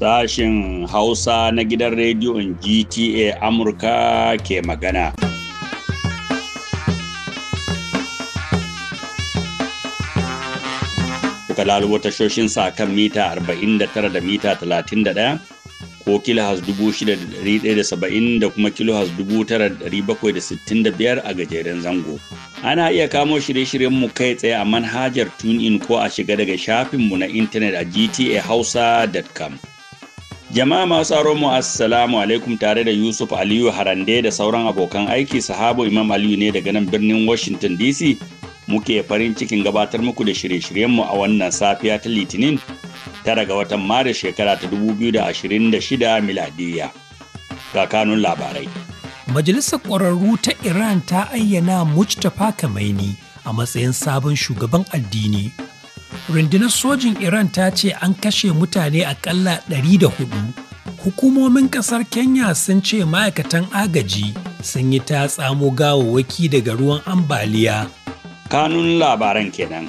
Sashen Hausa na gidan rediyon GTA Amurka ke magana. Kuka lalubo tashoshin sa kan mita 49 da mita 31 ko dubu shida da da saba'in kuma dubu tara da da bakwai sittin da biyar a gajeren zango. Ana iya kamo shirye-shiryenmu kai tsaye a manhajar TuneIn ko a shiga daga shafinmu na intanet a gtahausa.com. Jama'a masu tsaron mu assalamu alaikum tare da Yusuf Aliyu Harande da sauran abokan aiki sahabo Imam Aliyu ne daga nan birnin Washington DC muke farin cikin gabatar muku da shirye-shiryenmu a wannan safiya ta Litinin tara ga watan maris shekara ta 2026 miladiya ga labarai majalisar ƙwararru ta iran ta ayyana mujtafa kamaini a matsayin sabon shugaban addini rundunar sojin iran ta ce an kashe mutane akalla 104 hukumomin ƙasar kenya sun ce ma'aikatan agaji sun yi ta tsamo gawawwaki daga ruwan ambaliya kanun labaran kenan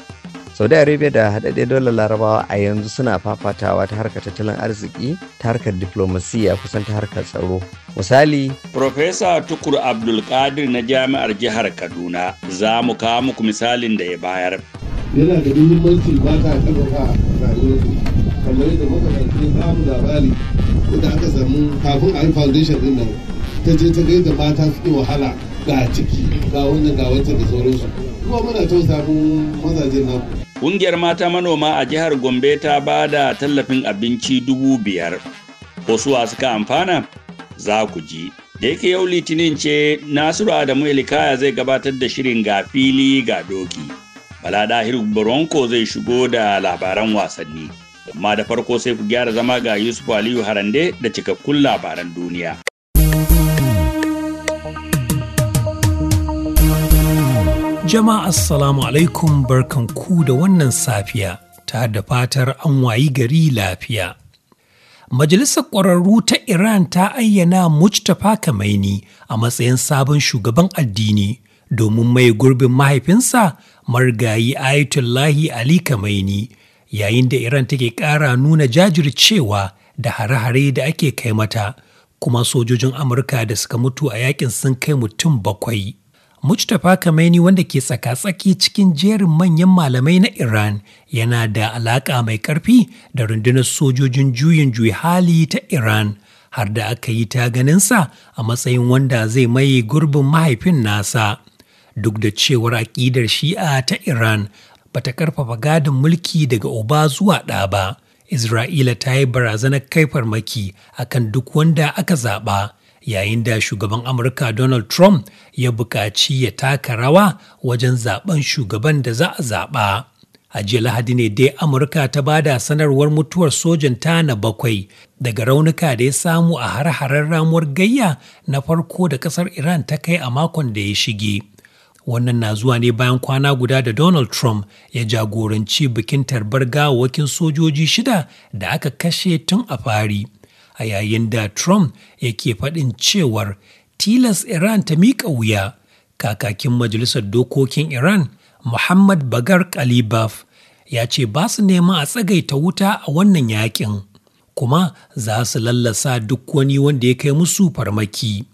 saudi arabia da haɗaɗɗiyar dole larabawa a yanzu suna fafatawa ta harkar tattalin arziki ta harkar diflomasiyya kusan ta harkar tsaro misali Profesa tukur abdulkadir na jami'ar jihar kaduna za mu kawo muku misalin da ya bayar yana da muhimmanci ba ta ƙarfafa rayuwarku kamar yadda muka ɗauki samun labari da aka samu kafin a yi foundation ɗin nan ta je ta gaida mata suke wahala ga ciki ga wannan ga wancan da sauransu kuma muna tausa mu mazajen namu Ƙungiyar mata manoma a jihar Gombe ta ba da tallafin abinci dubu biyar. Kosuwa suka amfana? Za ku ji. Da yake yau litinin ce Nasiru Adamu Elikaya zai gabatar da shirin ga fili ga doki. Bala Dahir Bronco zai shigo da labaran wasanni. Amma da farko sai ku gyara zama ga Yusuf Aliyu Harande da cikakkun labaran duniya. Jama'a assalamu alaikum barkan ku da wannan safiya ta da fatar an wayi gari lafiya. Majalisar ƙwararru ta Iran ta ayyana Mustapha Kamaini a matsayin sabon shugaban addini domin mai gurbin mahaifinsa margayi Ayatullahi Ali Kamaini yayin da Iran take ƙara nuna jajircewa da hare-hare da ake kai mata kuma sojojin Amurka da suka mutu a yakin sun kai mutum bakwai. Mustapha Kamaini wanda ke tsaka-tsaki cikin jerin manyan malamai na Iran yana da alaƙa mai ƙarfi da rundunar sojojin juyin juyi hali ta Iran har da aka yi ta ganinsa a matsayin wanda zai maye gurbin mahaifin nasa. Duk da cewar aƙidar shi'a ta Iran bata karfafa gadin mulki daga uba zuwa ɗa ba. Isra'ila ta yi barazanar kai farmaki akan duk wanda aka zaɓa. yayin da shugaban amurka donald trump ya buƙaci ya taka rawa wajen zaben shugaban da za a zaɓa a jiya lahadi ne dai amurka ta bada sanarwar mutuwar sojan ta na bakwai daga raunuka da ya samu a har-harar ramuwar gayya na farko da ƙasar iran ta kai a makon da ya shige wannan na zuwa ne bayan kwana guda da donald trump ya jagoranci bikin tarbar gawakin sojoji shida da aka kashe tun a fari a yayin da Trump yake faɗin cewar tilas Iran ta miƙa wuya. Kakakin Majalisar Dokokin Iran, Muhammad Bagar Kalibaf, ya ce ba su nema a tsagaita wuta a wannan yakin, kuma za su lallasa duk wani wanda ya kai musu farmaki.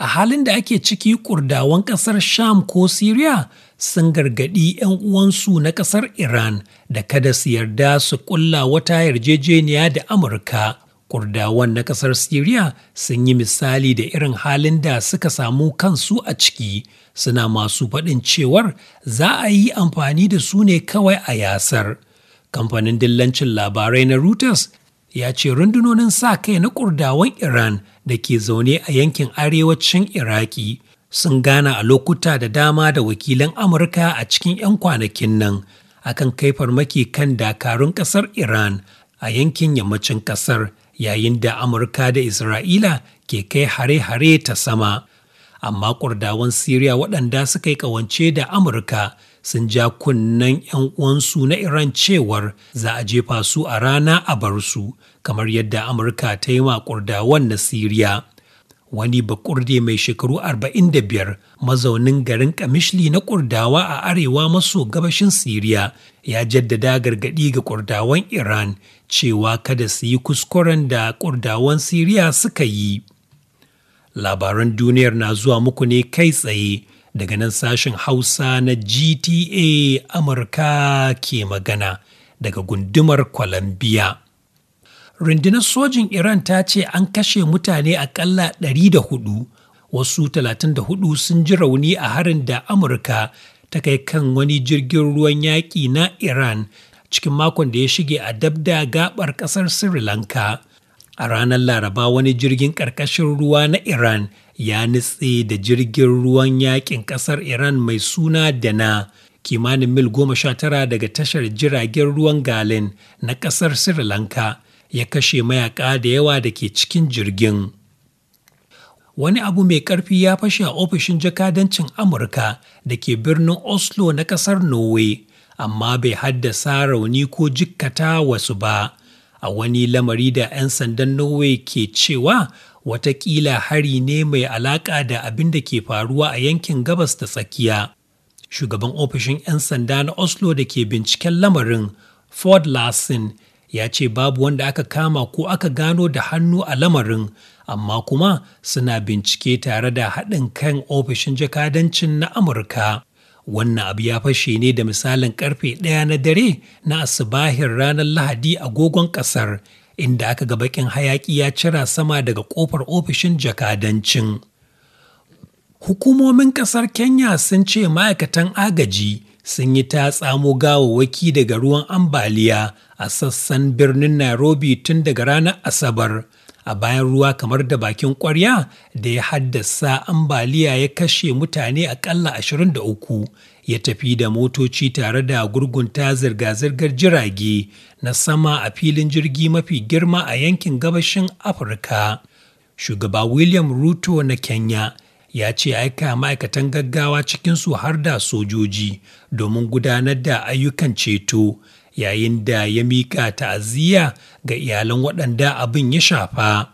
a halin da ake ciki kurdawan ƙasar sham ko syria sun gargaɗi 'yan uwansu na ƙasar iran da kada su yarda su kulla wata yarjejeniya da amurka Kurdawan na ƙasar Syria sun yi misali da irin halin da suka samu kansu a ciki, suna masu faɗin cewar za a yi amfani da su ne kawai a yasar. Kamfanin dillancin labarai na Reuters ya ce rundunonin sa-kai na Kurdawan Iran da ke zaune a yankin arewacin Iraki sun gana a lokuta da dama da wakilan Amurka a cikin 'yan kwanakin nan akan kai farmaki kan dakarun ƙasar Iran a yankin yammacin ƙasar. yayin da Amurka da Isra'ila ke kai hare-hare ta sama. Amma ƙurdawan Siriya waɗanda suka yi ƙawance da Amurka sun ja kunnen 'yan uwansu na Iran cewar za a jefa su a rana a bar su, kamar yadda Amurka ta yi ma ƙurdawan na Siriya. Wani bakurde mai shekaru 45 mazaunin garin Kamishli na ƙurdawa a arewa maso gabashin Siriya ya jaddada gargaɗi ga kurdawan Iran cewa kada su yi kuskuren da kurdawan Siriya suka yi. Labaran duniyar na zuwa muku ne kai tsaye daga nan sashen Hausa na GTA Amurka ke magana daga gundumar Columbia. Rundunar sojin Iran ta ce an kashe mutane akalla hudu. wasu 34 sun ji rauni a harin da amurka ta kai kan wani jirgin ruwan yaƙi na Iran cikin makon da ya shige a dabda gabar ƙasar Sri Lanka. A ranar Laraba wani jirgin ƙarƙashin ruwa na Iran ya nutse da jirgin ruwan yaƙin ƙasar Iran mai suna Dana kimanin mil goma sha tara daga tashar jiragen ruwan Galin na ƙasar Sri Lanka ya kashe mayaƙa da yawa da ke cikin jirgin. wani abu mai ƙarfi ya fashe a ofishin jakadancin Amurka da ke birnin Oslo na ƙasar Norway, amma bai haddasa rauni ko jikkata wasu ba. A wani lamari da 'yan sandan Norway ke cewa watakila hari ne mai alaƙa da abin da ke faruwa a yankin gabas da tsakiya. Shugaban ofishin 'yan sanda na Oslo da ke binciken lamarin, Ford larson ya ce babu wanda aka kama ko aka gano da hannu a lamarin amma kuma suna bincike tare da haɗin kan ofishin jakadancin na Amurka. Wannan abu ya fashe ne da misalin karfe ɗaya na dare na asibahin ranar Lahadi agogon ƙasar, inda aka ga bakin hayaƙi ya cira sama daga ƙofar ofishin jakadancin. Hukumomin ƙasar Kenya sun ce ma'aikatan agaji sun yi ta tsamo gawawwaki daga ruwan ambaliya a sassan birnin Nairobi tun daga ranar Asabar. a bayan ruwa kamar da bakin kwarya da ya haddasa ambaliya ya kashe mutane akalla 23 ya tafi da motoci tare da gurgunta zirga-zirgar jirage na sama a filin jirgi mafi girma a yankin gabashin afirka shugaba william ruto na kenya ya ce aika ma'aikatan gaggawa cikinsu har da sojoji domin gudanar da ayyukan ceto yayin da ya miƙa ta'aziyya ga iyalan waɗanda abin ya shafa.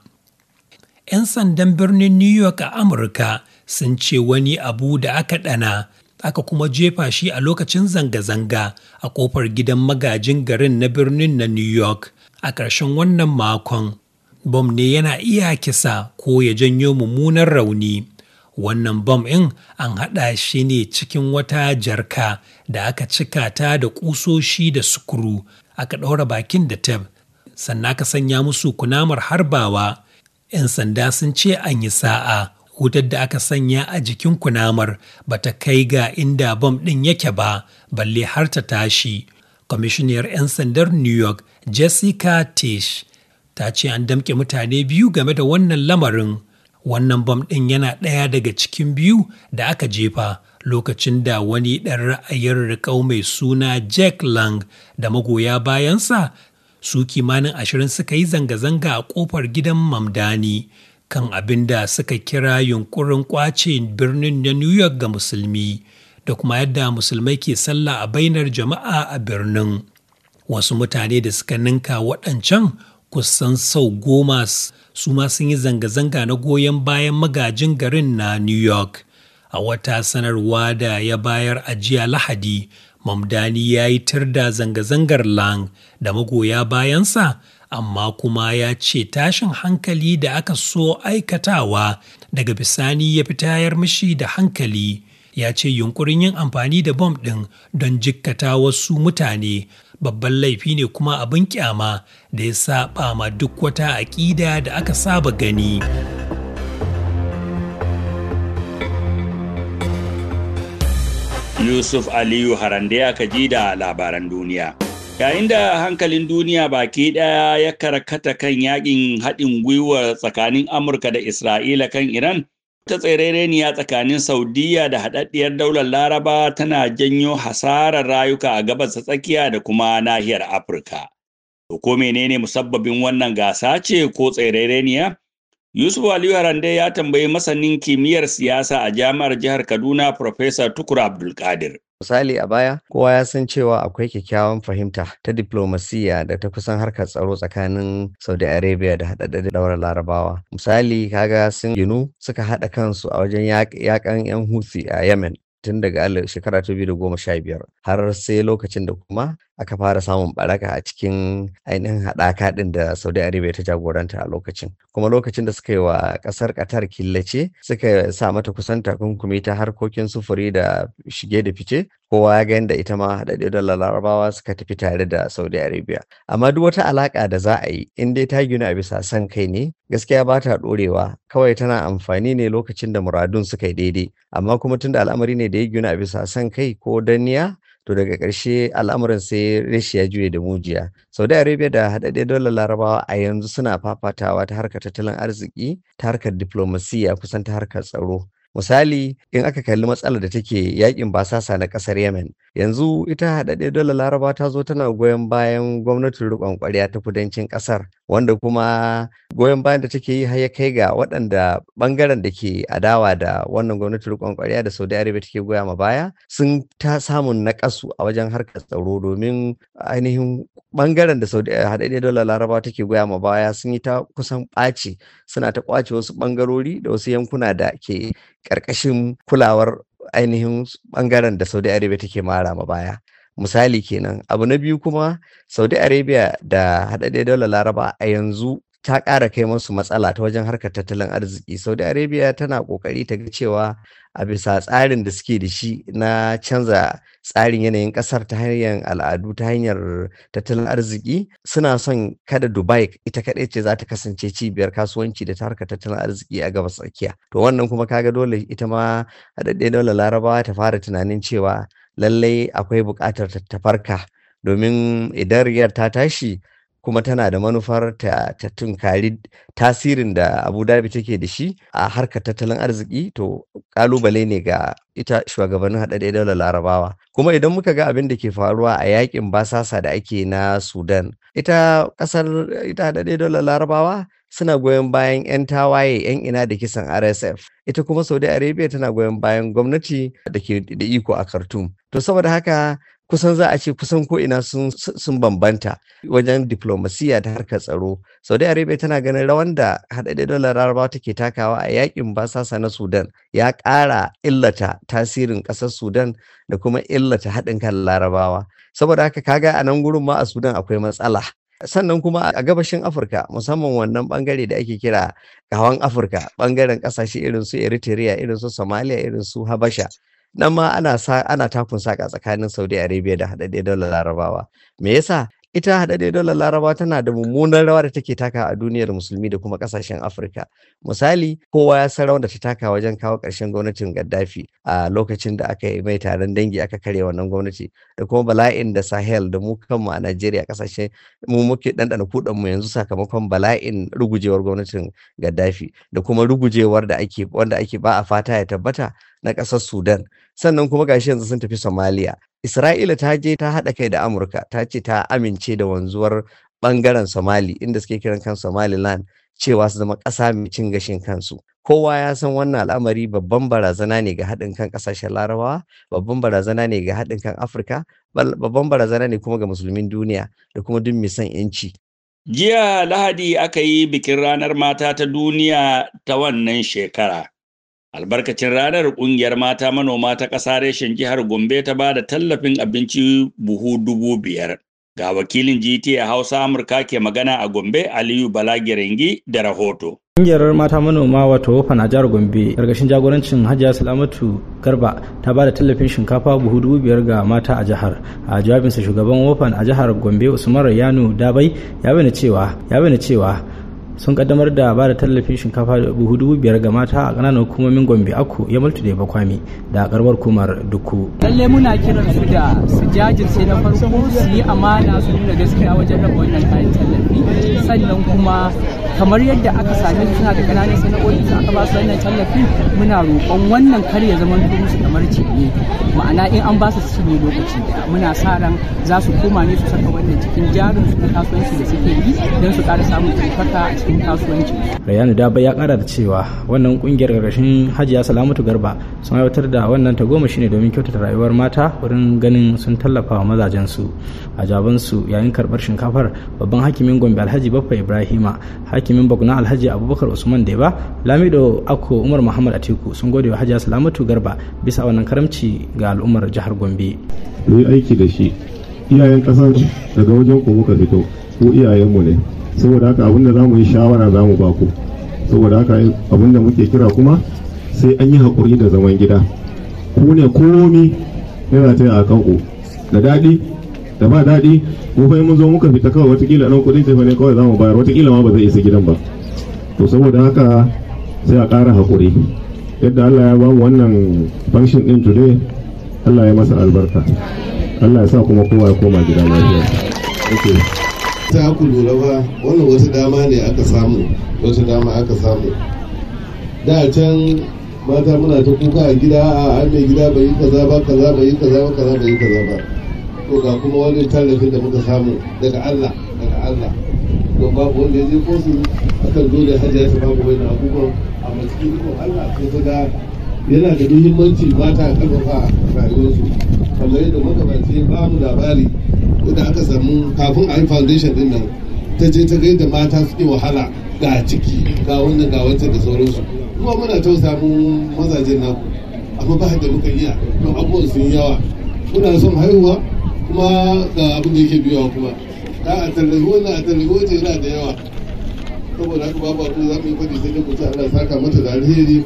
'Yan sandan birnin New York a Amurka sun ce wani abu da aka ɗana aka kuma jefa shi a lokacin zanga-zanga a ƙofar gidan magajin garin na birnin na New York a ƙarshen wannan makon. Bom ne yana iya kisa ko ya janyo mummunan rauni. wannan bom ɗin an haɗa shi ne cikin wata jarka da aka cika ta da ƙusoshi da sukuru aka ɗaura bakin da tab sannan aka sanya musu kunamar harbawa 'yan sanda sun ce an yi sa'a wutar da aka sanya a jikin kunamar ba ta kai ga inda bom ɗin yake ba balle har ta tashi Kwamishinayar 'yan sandar new york jessica tish ta ce an damke mutane biyu game da wannan lamarin wannan bam ɗin yana ɗaya daga cikin biyu da aka jefa lokacin da wani ɗan ra'ayin riƙau mai suna jack lang da magoya bayansa su kimanin ashirin suka yi zanga-zanga a ƙofar gidan mamdani kan abin da suka kira yunkurin ƙwace birnin na new york ga musulmi da kuma yadda musulmai ke sallah a bainar jama'a a birnin wasu mutane da suka ninka waɗancan kusan sau goma su ma sun yi zanga-zanga na goyon bayan magajin garin na New York. A wata sanarwa da ya bayar ajiya Lahadi, Mamdani ya yi tir da zanga-zangar Lang da magoya bayansa, amma kuma ya ce tashin hankali da aka so aikatawa daga bisani ya fi tayar mishi da hankali. Ya ce yunkurin yin amfani da bom ɗin don jikkata wasu mutane babban laifi ne kuma abin kyama da ya saba ma duk wata aƙida da aka saba gani. Yusuf Aliyu Harande ya kaji da labaran duniya. Yayin da hankalin duniya baki ɗaya ya karkata kan yaƙin haɗin gwiwa tsakanin Amurka da Isra'ila kan Iran, ta tsereniya tsakanin Saudiyya da haɗaɗɗiyar daular laraba tana janyo hasarar rayuka a gabas ta tsakiya da kuma nahiyar afirka to ko menene musabbabin wannan gasa ce ko tsereniya Yusuf Aliyu Harande ya tambayi masanin kimiyyar siyasa a jami'ar jihar Kaduna Profesa Tukur Abdulkadir. Misali a baya, kowa ya san cewa akwai kyakkyawan fahimta ta diplomasiya da ta kusan harkar tsaro tsakanin Saudi Arabia da haɗaɗɗen daura larabawa. Misali, kaga sun ginu suka haɗa kansu a wajen yakan 'yan Houthi a Yemen tun daga shekara 2015 har sai lokacin da kuma aka fara samun baraka a cikin ainihin haɗaka ɗin da saudi arabia ta jagoranta a lokacin kuma lokacin da suka yi wa ƙasar qatar killace suka sa mata kusan takunkumi ta harkokin sufuri da shige da fice kowa ya ga yadda ita ma haɗaɗɗe da larabawa suka tafi tare da saudi arabia amma duk wata alaƙa da za a yi in dai ta gina a bisa san kai ne gaskiya ba ta ɗorewa kawai tana amfani ne lokacin da muradun suka yi daidai amma kuma tunda al'amari ne da ya gina a bisa san kai ko danniya to daga ƙarshe al'amuran sai rashi ya juye da mujiya saudi arabia da haɗaɗɗen dole larabawa a yanzu suna fafatawa ta harkar tattalin arziki ta harkar diflomasiyya kusan ta harkar tsaro misali in aka kalli matsalar da take yakin basasa na ƙasar yemen yanzu ita haɗaɗɗiyar dole laraba ta zo tana goyon bayan gwamnatin riƙon ƙwarya ta kudancin ƙasar wanda kuma goyon bayan da take yi har ya kai ga waɗanda ɓangaren da ke adawa da wannan gwamnatin riƙon ƙwarya da saudi arabia take goya ma baya sun ta samun naƙasu a wajen harkar tsaro domin ainihin ɓangaren da saudi haɗaɗɗiyar dole laraba take goya ma baya sun yi ta kusan ɓaci suna ta ƙwace wasu ɓangarori da wasu yankuna da ke ƙarƙashin kulawar ainihin bangaren da saudi arabia take mara ma baya misali kenan abu na biyu kuma saudi arabia da haɗaɗɗiyar dole laraba a yanzu ta ƙara kai masu matsala ta wajen harkar tattalin arziki saudi arabia tana ƙoƙari ta ga cewa a bisa tsarin da suke da shi na canza tsarin yanayin ƙasar ta hanyar al'adu ta hanyar tattalin arziki suna son kada dubai ita kaɗai ce za ta kasance cibiyar kasuwanci da ta harkar tattalin arziki a gaba tsakiya to wannan kuma kaga dole ita ma daɗe dole larabawa ta fara tunanin cewa lallai akwai buƙatar ta farka domin idan riyar ta tashi kuma tana da manufar ta, ta tunkari tasirin da abu dhabi take da shi a harkar tattalin arziki to kalubale ne ga ita shugabannin haɗaɗɗen daular larabawa kuma idan muka ga abin da ke faruwa a yakin basasa da ake na sudan ita ƙasar ita haɗaɗɗen daular larabawa suna goyon bayan 'yan tawaye 'yan ina da kisan rsf ita kuma saudi arabia tana goyon bayan gwamnati da ke da iko a khartoum to saboda haka kusan za a ce kusan ko ina sun, bambanta wajen diplomasiya da harkar tsaro saudi arabia tana ganin rawan da haɗaɗɗen dalar larabawa take takawa a yakin basasa na sudan ya ƙara illata tasirin ƙasar sudan da kuma illata haɗin kan larabawa saboda haka kaga a nan gurin ma a sudan akwai matsala sannan kuma a gabashin afirka musamman wannan bangare da ake kira kawan afirka bangaren kasashe irin su eritrea irin su somalia irin su habasha nan ma ana takun saka tsakanin Saudi Arabia da haɗaɗɗiyar dalar Larabawa. Me yasa ita haɗaɗɗiyar dole laraba tana da mummunar rawa da take taka a duniyar musulmi da kuma ƙasashen afirka misali kowa ya san rawar da ta taka wajen kawo ƙarshen gwamnatin gaddafi a lokacin da aka yi mai taron dangi aka karya wannan gwamnati da kuma bala'in da sahel da mu kanmu a najeriya ƙasashe mu muke ɗanɗana kuɗan mu yanzu sakamakon bala'in rugujewar gwamnatin gaddafi da kuma rugujewar da ake wanda ake ba a fata ya tabbata na ƙasar Sudan sannan kuma gashi yanzu sun tafi Somaliya. Isra'ila ta je ta haɗa kai da Amurka ta ce ta amince da wanzuwar ɓangaren Somali inda suke kiran kan Somaliland cewa su zama ƙasa mai cin gashin kansu. Kowa ya san wannan al'amari babban barazana ne ga haɗin kan ƙasashen Larabawa, babban barazana ne ga haɗin kan Afirka, babban barazana ne kuma ga musulmin duniya da kuma duk mai son 'yanci. Jiya Lahadi aka yi bikin ranar mata ta duniya ta wannan shekara. albarkacin ranar ƙungiyar mata manoma ta ƙasa reshen jihar gombe ta ba da tallafin abinci buhu dubu biyar ga wakilin gta hausa amurka ke magana a gombe aliyu balagirengi da rahoto Ƙungiyar mata manoma wato wofan a jihar Gombe ƙarƙashin jagorancin Hajiya Salamatu Garba ta ba da tallafin shinkafa buhu dubu biyar ga mata a jihar. A jawabinsa shugaban wofan a jihar Gombe Usman Rayanu Dabai ya bayyana cewa ya bayyana cewa sun kaddamar da ba da tallafin shinkafa da buhu dubu biyar ga mata a ƙananan hukumomin gombe aku ya multi da bakwami da karbar kumar duku lalle muna kiran su da su jajirce na farko su yi amana su nuna gaskiya wajen raba wannan kayan tallafi sannan kuma kamar yadda aka sami suna da ƙananan sana'o'i da aka ba su wannan tallafi muna roƙon wannan kar ya zama musu kamar cinye ma'ana in an ba su ne lokaci da muna sa ran za su koma ne su saka wannan cikin jarin su na kasuwanci da suke yi don su ƙara samun ɗaukaka a cikin kasuwanci. Rayanu Daba ya kara da cewa wannan kungiyar gargashin Hajiya Salamatu Garba sun aiwatar da wannan ta goma shine domin kyautata rayuwar mata wurin ganin sun tallafa wa su A jabansu yayin karbar shinkafar babban hakimin Gombe Alhaji Baffa Ibrahima, hakimin Bakuna Alhaji Abubakar Usman Deba, Lamido ako Umar Muhammad Atiku sun gode wa Hajiya Salamatu Garba bisa wannan karamci ga al'ummar jihar Gombe. Ni aiki da shi iyayen kasar daga wajen kuma muka fito ko iyayenmu ne saboda haka abinda za mu yi shawara za mu baku saboda haka abinda muke kira kuma sai an yi haƙuri da zaman gida ku ne komi yana yi a kanku da daɗi da ba daɗi ko fa mun zo muka fita kawai watakila nan kuɗin tafi ne kawai za mu bayar watakila ma ba zai isa gidan ba to saboda haka sai a ƙara haƙuri yadda Allah ya ba mu wannan function ɗin today Allah ya masa albarka Allah ya sa kuma kowa ya koma gida lafiya. Okay. ta ku lura ba wannan wata dama ne aka samu wata dama aka samu da can mata muna ta kuka a gida a an mai gida bai yi kaza ba kaza bai yi kaza ba kaza bai yi kaza ba to ga kuma wani tallafin da muka samu daga Allah daga Allah don babu wanda ya je kosu akan dole hajji ya babu wani abubuwan a cikin ikon Allah sai ta ga yana da muhimmanci mata a karfafa rayuwarsu kamar yadda magabaci ba mu labari da aka samu kafin a yi foundation din nan ta je ta gaida mata suke wahala ga ciki ga wannan ga wancan da sauransu kuma muna ta samu mazajen naku amma ba da muka a kuma abubuwan sun yawa muna son haihuwa kuma ga abin da yake biyawa kuma ta a tallafi wannan a tallafi wajen yana da yawa saboda haka ba abin za mu yi fadi sai da kuce Allah ya saka mata da alheri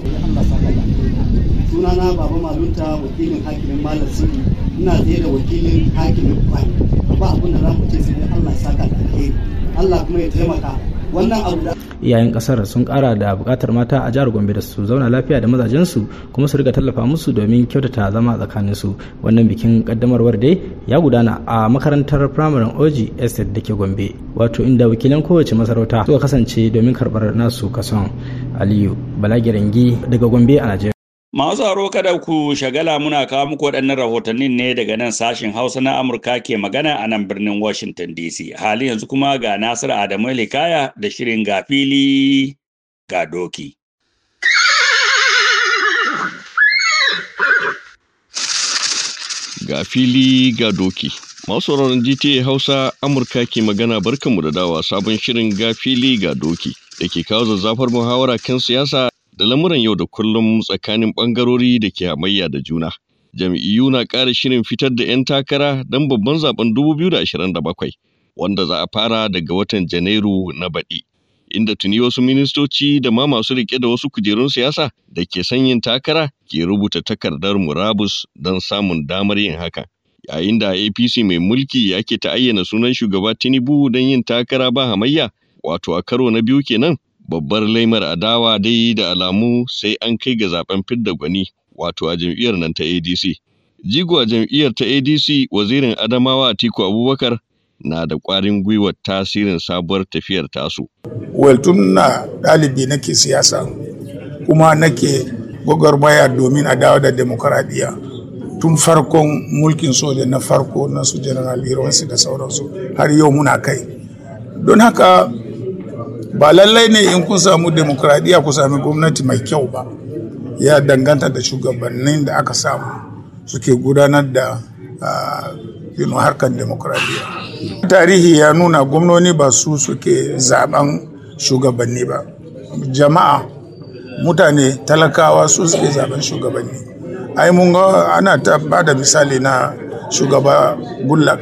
sunana baba malunta wakilin hakimin malam sidi ina tsaye da wakilin hakimin kwani ba abin da za mu ce sai Allah ya saka da alheri Allah kuma ya taimaka wannan abu da iyayen kasar sun kara da bukatar mata a jihar gombe da su zauna lafiya da mazajensu kuma su riga tallafa musu domin kyautata zama tsakanin su wannan bikin kaddamarwar dai ya gudana a makarantar primary oji estate da ke gombe wato inda wakilan kowace masarauta suka kasance domin karbar nasu kason aliyu balagirangi daga gombe a najeriya Masu haro kada ku shagala muna kawo muku waɗannan rahotannin ne daga nan sashen Hausa na Amurka ke magana a nan birnin Washington DC. Hali yanzu kuma ga Nasiru Adamu Likaya da shirin ga fili ga doki. Ga ga doki. Masu sauraron GTA Hausa Amurka ke magana barkanmu da dawa sabon shirin ga fili ga doki da ke kawo zazzafar muhawara kan siyasa da lamuran yau da kullum tsakanin ɓangarori da ke hamayya da juna. Jam'iyyu na ƙara shirin fitar da 'yan takara don babban zaben 2027 wanda za a fara daga watan Janairu na baɗi. Inda tuni wasu ministoci da ma masu riƙe da wasu kujerun siyasa da ke sanyin takara ke rubuta takardar murabus don samun damar yin haka Yayin da APC mai mulki yake ta ayyana sunan shugaba Tinubu don yin takara ba hamayya, wato a karo na biyu kenan Babbar laimar adawa dai da alamu sai an kai ga zaben fidda gwani wato a jam'iyyar nan ta ADC. Jigo a jam'iyyar ta ADC wazirin Adamawa Atiku Abubakar na da ƙwarin gwiwar tasirin sabuwar tafiyar tasu. Well tun na ɗalibi nake siyasa kuma nake gwagwarmaya domin a dawo da demokaradiyya. tun farkon mulkin soja na farko na su general iransu da sauransu har yau muna kai don haka ba lallai ne in kun samu demokradiyya ku sami gwamnati mai kyau ba ya danganta da shugabannin da aka samu suke gudanar da yin harkar demokradiyya tarihi ya nuna gwamnoni ba su suke zaben shugabanni ba jama'a mutane talakawa su suke zaben shugabanni ai mun ga ana ta ba da misali na shugaba gullak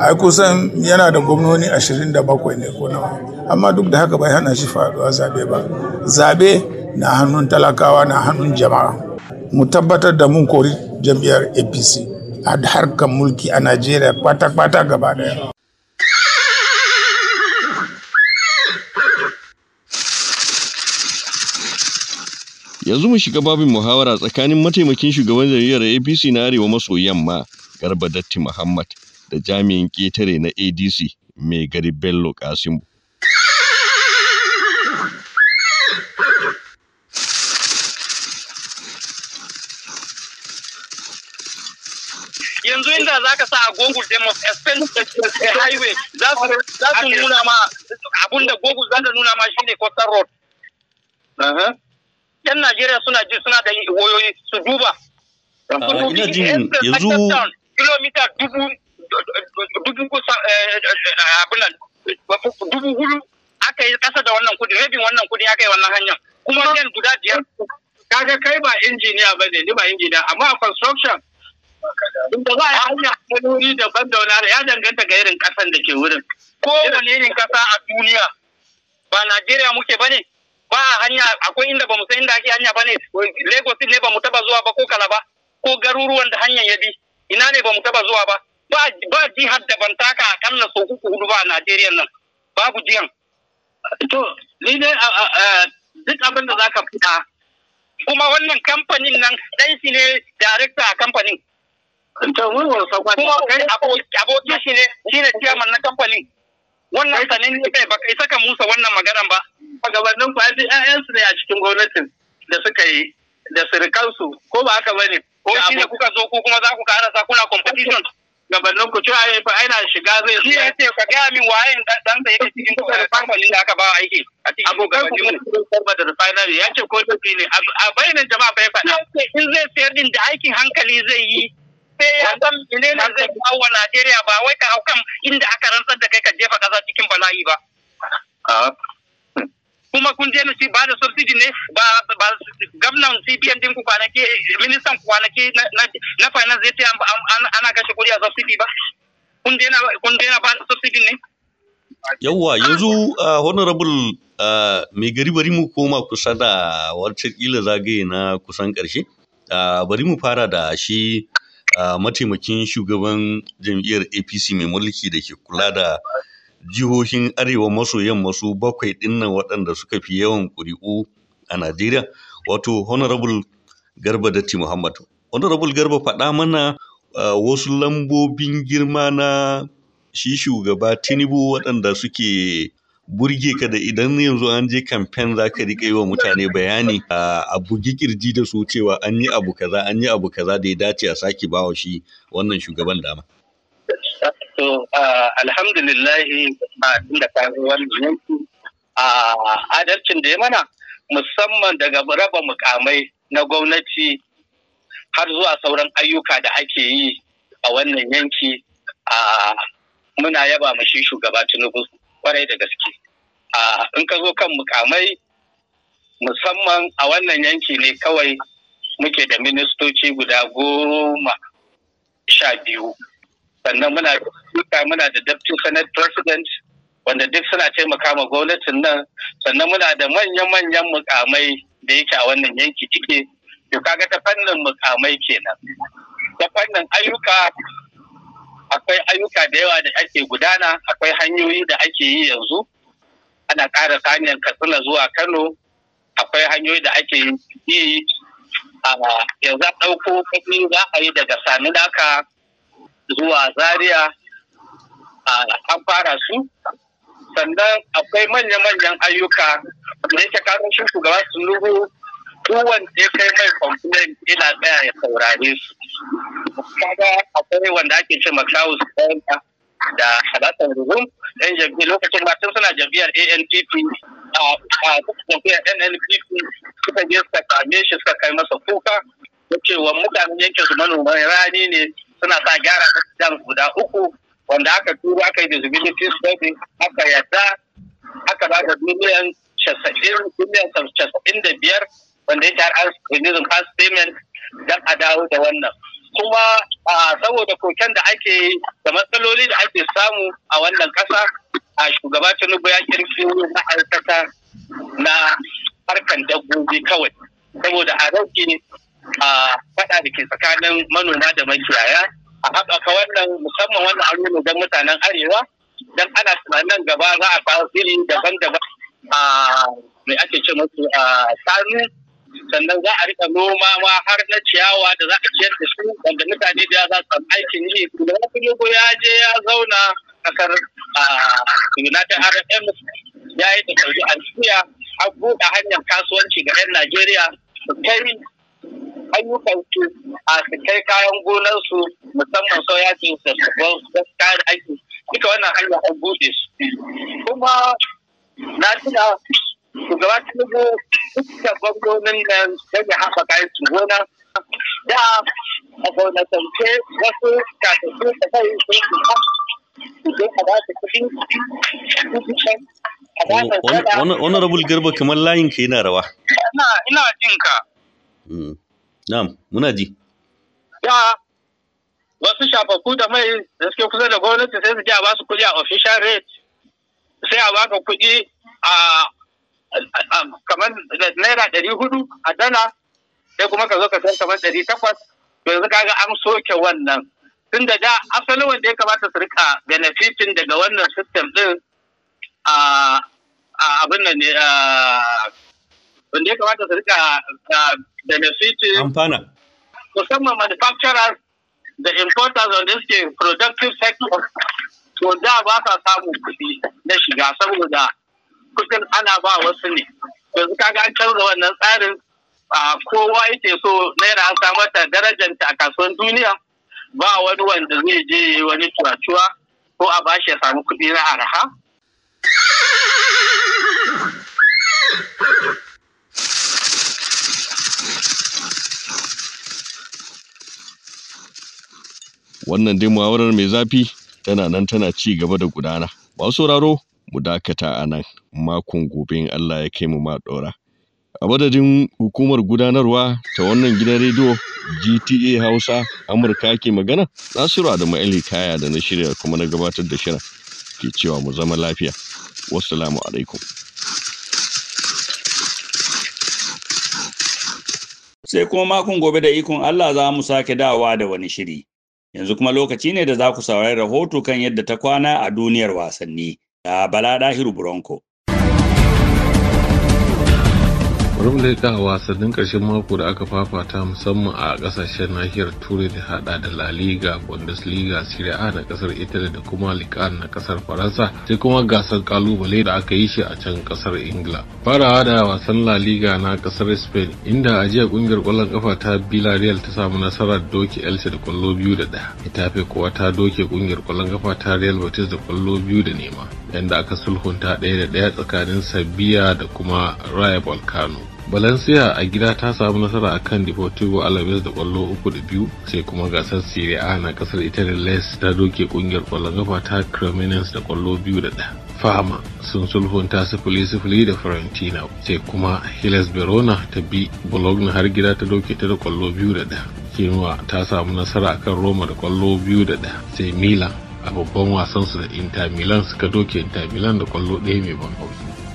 ai kusan yana da gwamnoni 27 ne ko nawa amma duk da haka bai hana shi faduwa zabe ba zabe na hannun talakawa na hannun jama'a mu tabbatar da mun kori jam'iyyar apc a harkar mulki a najeriya kwata-kwata gaba daya yanzu mu shiga babin muhawara tsakanin mataimakin shugaban jam'iyyar apc na arewa maso yamma Garba Datti Muhammad da jami'in ƙetare na ADC mai gari Bello Kasimu. yanzu inda za ka sa a google dem expensive highway za su nuna ma abinda google za ta nuna ma shine coastal road uh-huh. yan najeriya suna ji suna da wayoyi su duba ah, yanzu kilomita dubu dubu eh, eh, abinan dubu hudu aka yi kasa da wannan kudi rabin wannan kudi aka yi wannan hanyar kuma yan guda biyar kaga kai ba injiniya ba ne ni ba injiniya amma a construction inda za a yi hanya wani daban da wani ya danganta ga irin kasan da ke wurin Ko kowane irin kasa a duniya ba najeriya muke ba ne ba hanya akwai inda ba mu san inda ake hanya ba ne lagos ne ba mu taba zuwa ba ko kalaba ko garuruwan da hanyar ya bi ina ne ba mu taba zuwa ba ba jihar da ban taka akalla so uku hudu ba a Najeriya nan babu jihan to ni ne duk abin da zaka fita kuma wannan kamfanin nan dan shi ne director a kamfanin kuma abokin shi ne shi ne chairman na kamfanin wannan sanin ne kai baka isa ka musa wannan magaran ba gabanin ku yanzu ne a cikin gwamnatin da suka yi da surukansu ko ba haka bane ko shi kuka zo ku kuma za ku sa kuna competition nan ku cewa fa aina shiga zai shi yace ka gaya min waye dan da yake cikin kamfanin da aka ba aiki a cikin gabanin kuma da refinery ya ce ko tafi ne a bayanan jama'a fa ya fada in zai sayar din da aikin hankali zai yi sai ya san menene zai kawo wa Najeriya ba wai ka hau inda aka rantsar da kai ka jefa kasa cikin bala'i ba kuma kun je shi ba da subsidy ne ba ba gwamnan CPN din ku kwanaki ministan kwanaki na finance zai ce ana kashe kuɗi a subsidy ba kun je na kun je na ba da subsidy ne yawwa yanzu ah, honorable ah, mai gari bari mu koma kusa da wancan kila zagaye na kusan ƙarshe ah, bari mu fara da shi mataimakin shugaban jam'iyyar apc mai mulki da ke kula da jihohin arewa maso yamma su bakwai dinnan waɗanda suka fi yawan ƙuri'u a Najeriya wato honorable Garba Datti Muhammad. Honorable Garba faɗa mana wasu lambobin girma na shi shugaba Tinubu waɗanda suke burge ka da idan yanzu an je kamfen za ka riƙa yi wa mutane bayani a bugi kirji da su cewa an yi abu kaza an yi abu kaza da ya dace a sake bawa shi wannan shugaban dama. To, uh, alhamdulillahi ba da kawo wannan yanki a uh, adalcin da ya mana musamman daga raba mukamai na gwamnati har zuwa sauran ayyuka da ake yi a wannan yanki a uh, muna yaba shi, shugaba Tinubu kwarai da gaske. In ka zo kan mukamai musamman a wannan yanki ne kawai muke da ministoci guda goma sha biyu. sannan muna duka muna da deputy senate president wanda duk suna taimaka ma gwamnatin nan sannan muna da manyan-manyan mukamai da yake a wannan yanki cike to kaga ta fannin mukamai kenan ta fannin ayyuka akwai ayyuka da yawa da ake gudana akwai hanyoyi da ake yi yanzu ana ƙara kanyan katsina zuwa kano akwai hanyoyi da ake yi yanzu ɗauko kuɗi za a yi daga sami daka zuwa zaria an fara su sannan akwai manya-manyan ayyuka da yake kasan shi shugaba sunugu kowanne ya kai mai complain ina tsaya ya saurare su kaga akwai wanda ake ce makawu su da halatan rubun yan jam'i lokacin matan suna jam'iyyar anpp a nnpp suka je suka same shi suka kai masa kuka da cewa mutanen yankin su manoman rani ne suna sa gyara dan guda uku wanda aka turo aka yi visibility study aka yadda aka ba da miliyan casa'in da biyar wanda ya har an release cash payment don a dawo da wannan kuma saboda koken da ake yi da matsaloli da ake samu a wannan kasa a shugaba tinubu ya kirkiro ma'aikata na harkan dabbobi kawai saboda a rauke a faɗa da ke tsakanin manoma da makiyaya a haɓaka wannan musamman wannan ne don mutanen arewa don ana tunanin gaba za a kawo iri daban-daban a mai ake ce musu a sanu sannan za a rika noma ma har na ciyawa da za a ciyar da su wanda mutane da za su samu aikin yi da wasu ya je ya zauna kasar united arab emirates ya yi da saudi arabia an buɗe hanyar kasuwanci ga 'yan najeriya su kai ayyukansu a kai kayan gonarsu musamman soya su da kayan aiki duka wannan hanyar an bude. su kuma na tuna shugaba nubu da gwamnonin nan don ya kayan su gona da a gwamnatance wasu kasashe da kai sun su ha su a ba su Wani Garba kamar layin ka yana rawa. Ina jin ka. Mm. Na'am, muna ji. Da wasu shafafu da mai da suke kusa da gwamnati sai su je a ba su kuɗi a official rate sai a baka kuɗi a kamar naira ɗari hudu a dana sai kuma ka zo ka san kamar ɗari takwas yanzu kaga an soke wannan tun da da asalin wanda ya kamata su rika benefitin daga wannan system ɗin a abin nan ne wanda ya kamata su rika benefiting ah, amfana musamman manufacturers da importers wanda suke productive sector to da ba sa samun kuɗi na shiga saboda kuɗin ana ba wasu ne yanzu kaga an canza wannan tsarin A ah, kowa yake so naira an samar da darajanta a kasuwan duniya ba wani wanda zai je wani tuwa-tuwa ko a bashi ya samu kuɗi na araha wannan dai muhawarar mai zafi tana nan tana ci gaba da gudana masu sauraro mu dakata a nan makon gobe in Allah ya kai mu ma ɗora. A madadin hukumar gudanarwa ta wannan gidan rediyo GTA Hausa Amurka ke magana Nasiru Adamu Ali Kaya da na shirya kuma na gabatar da shirin ke cewa mu zama lafiya. Wassalamu alaikum. Sai kuma makon gobe da ikon Allah za mu sake dawa da wani shiri. Yanzu kuma lokaci ne da za ku saurari rahoto kan yadda ta kwana a duniyar wasanni da Bala Dahiru Bronco. Rumlaika a wasannin karshen mako da aka fafata musamman a ƙasashen nahiyar Turai da hada da La Liga, Bundesliga, Serie A na ƙasar Italy da kuma Ligue na kasar Faransa, sai kuma gasar kalubale da aka yi shi a can kasar Ingila. Farawa da wasan La Liga na kasar Spain, inda a jiya ƙungiyar kwallon kafa ta Villarreal ta samu nasarar doke Elche da kwallo biyu da daya Itafe kuwa ta doke ƙungiyar ƙwallon kafa ta Real batis da kwallo biyu da nema, yanda aka sulhunta ɗaya da ɗaya tsakanin Sabiya da kuma raya Volcano. valencia a gida ta samu nasara a kan deportivo alaves da kwallo uku da biyu sai kuma gasar serie a na kasar italy les ta doke kungiyar kwallon gafa ta cremonese da kwallo biyu da fama sun sulhunta sifili sifili da fiorentina sai kuma hilas verona ta bi bologna har gida ta doke ta da kwallo biyu da ta samu nasara a kan roma da kwallo biyu da sai milan a babban wasansu da inter milan suka doke inter milan da kwallo ɗaya mai ban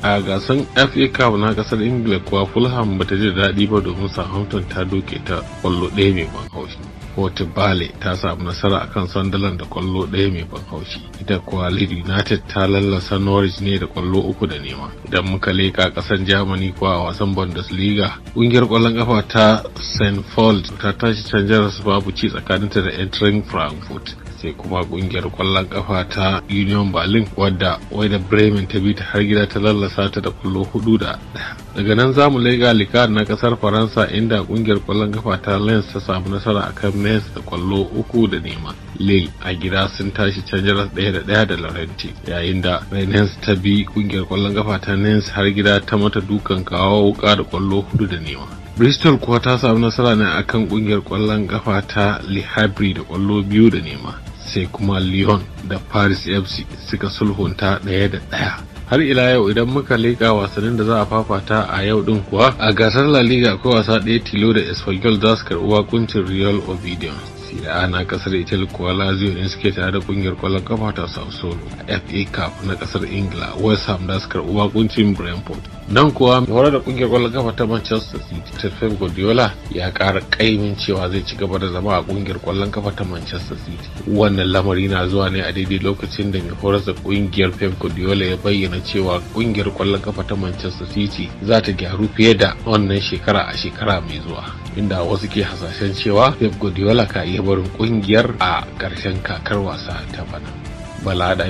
a gasan fa cup na kasar ingila kuwa fulham ba ta ji daɗi ba domin southampton ta doke ta kwallo ɗaya mai ban haushi Porto Bale ta samu nasara a akan sandalan da kwallo ɗaya mai ban haushi. Ita kuwa Leeds United ta lallasa Norwich ne da kwallo uku da nema. Idan muka leka kasan Germany kuwa a wasan Bundesliga, ƙungiyar kwallon kafa ta St. Paul ta tashi su babu ci tsakaninta da entering Frankfurt. sai kuma kungiyar kwallon kafa ta union berlin wadda da bremen ta bi ta har gida ta lallasa ta da kwallo hudu da daya daga nan zamu lega likar na kasar faransa inda kungiyar kwallon kafa ta lens ta samu nasara akan mens da kwallo uku da nema lille a gida sun tashi canjaras ɗaya da ɗaya da laurenti yayin da rennes ta bi kungiyar kwallon kafa ta nens har gida ta mata dukan kawo wuka da kwallo hudu da nema Bristol kuwa ta samu nasara ne akan kungiyar kwallon kafa ta lihabri da kwallo biyu da nema. sai kuma lyon da paris fc suka sulhunta ɗaya da ɗaya har ila yau idan muka leƙa wasannin da za a fafata a yau ɗin kuwa a gasar La Liga akwai wasa ɗaya tilo da Espanyol za su karɓi wakuncin Real Ovidio. Sira na kasar Italy kuwa Lazio ne suke tare da kungiyar kwallon kafa ta Sassuolo. A FA Cup na kasar Ingila West Ham za su karɓi wakuncin Brentford. nan kuwa horar da kungiyar kwallon kafa ta manchester city stephen guardiola ya kara kaimin cewa zai ci gaba da zama a kungiyar kwallon kafa ta manchester city wannan lamari na zuwa ne a daidai lokacin da mai horar da kungiyar pep guardiola ya bayyana cewa kungiyar kwallon kafa ta manchester city za ta gyaru fiye da wannan shekara a shekara mai zuwa inda wasu ke hasashen cewa pep guardiola ka iya barin kungiyar a karshen kakar wasa ta bana bala da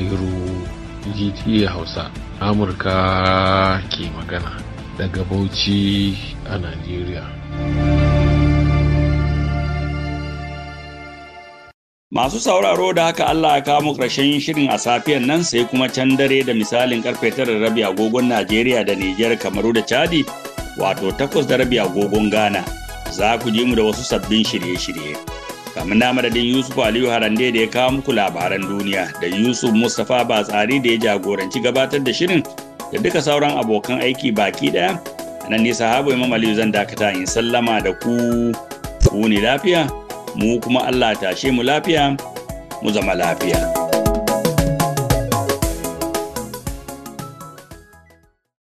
gta hausa amurka ke magana daga bauchi a najeriya masu sauraro da haka allah ya kama ƙarshen shirin a safiyan nan sai kuma can dare da misalin karfe tara rabi agogon najeriya da nijar kamaru da chadi wato takwas da rabi agogon ghana za ku ji mu da wasu sabbin shirye-shirye kamin na madadin yusuf aliyu harande da ya kawo muku labaran duniya da yusuf mustapha batsari da ya jagoranci gabatar da shirin da duka sauran abokan aiki baki ɗaya, nan ne sahabu imam aliyu zan dakata in sallama da ku ku ne lafiya mu kuma allah tashe mu lafiya mu zama lafiya